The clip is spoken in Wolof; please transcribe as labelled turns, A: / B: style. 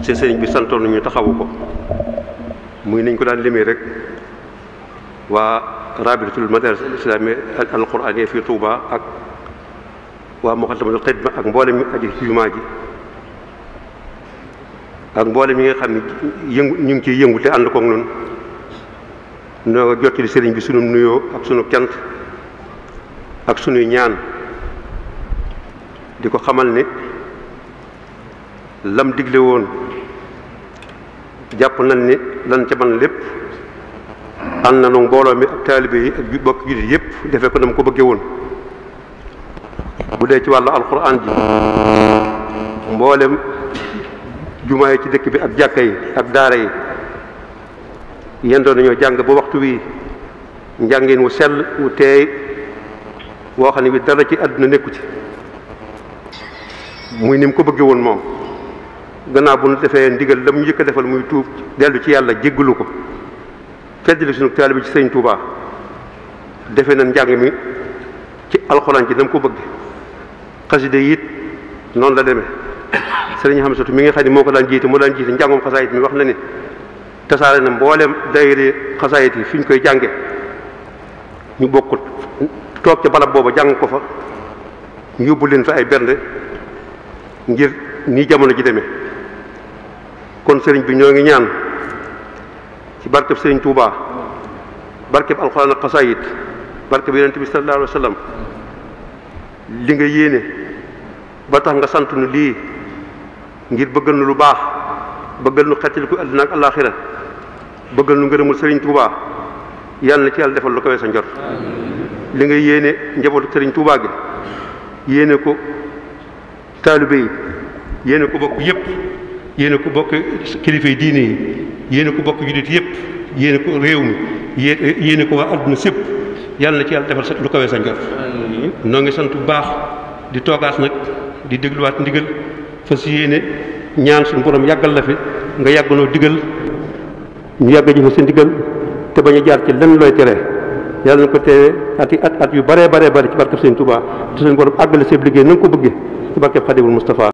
A: ci sëriñ bi santoon ñu taxawu ko muy nañ ko daan limee rek waa rabitatul madaris al islami al qurani fii Touba ak waa muqaddamatul xidma ak mboolem ñu aju ci jumaa ak mboolem yi nga xam ne yëngu ñu ngi ciy yëngu te ànd koog noonu noo nga jottali bi sunu nuyoo ak sunu cant ak sunuy ñaan di ko xamal ni lam digle woon jàpp nañ ni lan ca man lépp am na noonu mbooloo mi ak taalibe yi ak bokk jullit yëpp defee ko nam ko bëggee woon bu dee ci wàllu alxuraan ji mboolem jumaa ci dëkk bi ak jàkka yi ak daara yi yendoo nañoo jàng ba waxtu wi njàngin wu sell wu teey woo ne bi dara ci àdduna nekku ci muy ni mu ko bëggee woon moom gannaaw bu nu defee ndigal la mu njëkk defal muy tuub dellu ci yàlla jéggalu ko feddali suñu taalibe bi ci sëñ Touba defee na njàng mi ci alxuraan ci dama ko bëgg xas yi it noonu la demee sëriñ xam sotu mi ngi xam ne moo ko daan jiite moo daan jiite njàngoom xasaayit mi wax na ne tasaare na mboolem dayri xasaayit yi fi ñu koy jànge ñu bokkut toog ca barab booba jàng ko fa ñu yóbbu leen fa ay bernde ngir nii jamono ji demee kon sëriñ bi ñoo ngi ñaan ci barkeb sëriñ Touba barkeb alxuraan ak xasaayit barkeb yonent bi sallallahu alayhi wa li nga yéene ba tax nga sant nu lii ngir bëggal nu lu baax bëggal nu xettali ku àddina ak alaaxira bëggal nu ngërëmul sëriñ Touba yàlla na ci yàlla defal lu kawee sa njor li nga yéene njabootu sëriñ Touba gi yéene ko taalibe yi yéene ko bokk yépp yéen a ko bokk kilifa yi diine yi yéen a ko bokk juddit yëpp yéen a ko réew mi yéen a ko waa adduna sépp yàlla na ci yàlla defal sa lu kawee sa njort noo ngi sant bu baax di toogaas nag di dégluwaat ndigal fas yéene ñaan suñu borom yàggal la fi nga yàgganoo digal ñu yàgg ji fa seen te ba ñu jaar ci lenn looy tere yàlla na ko teewee at at at yu bare bare bare ci barkeb Sëriñ Tuubaa te suñu borom àggale seeb liggéey na ko bëggee ci barkeb Xaadimul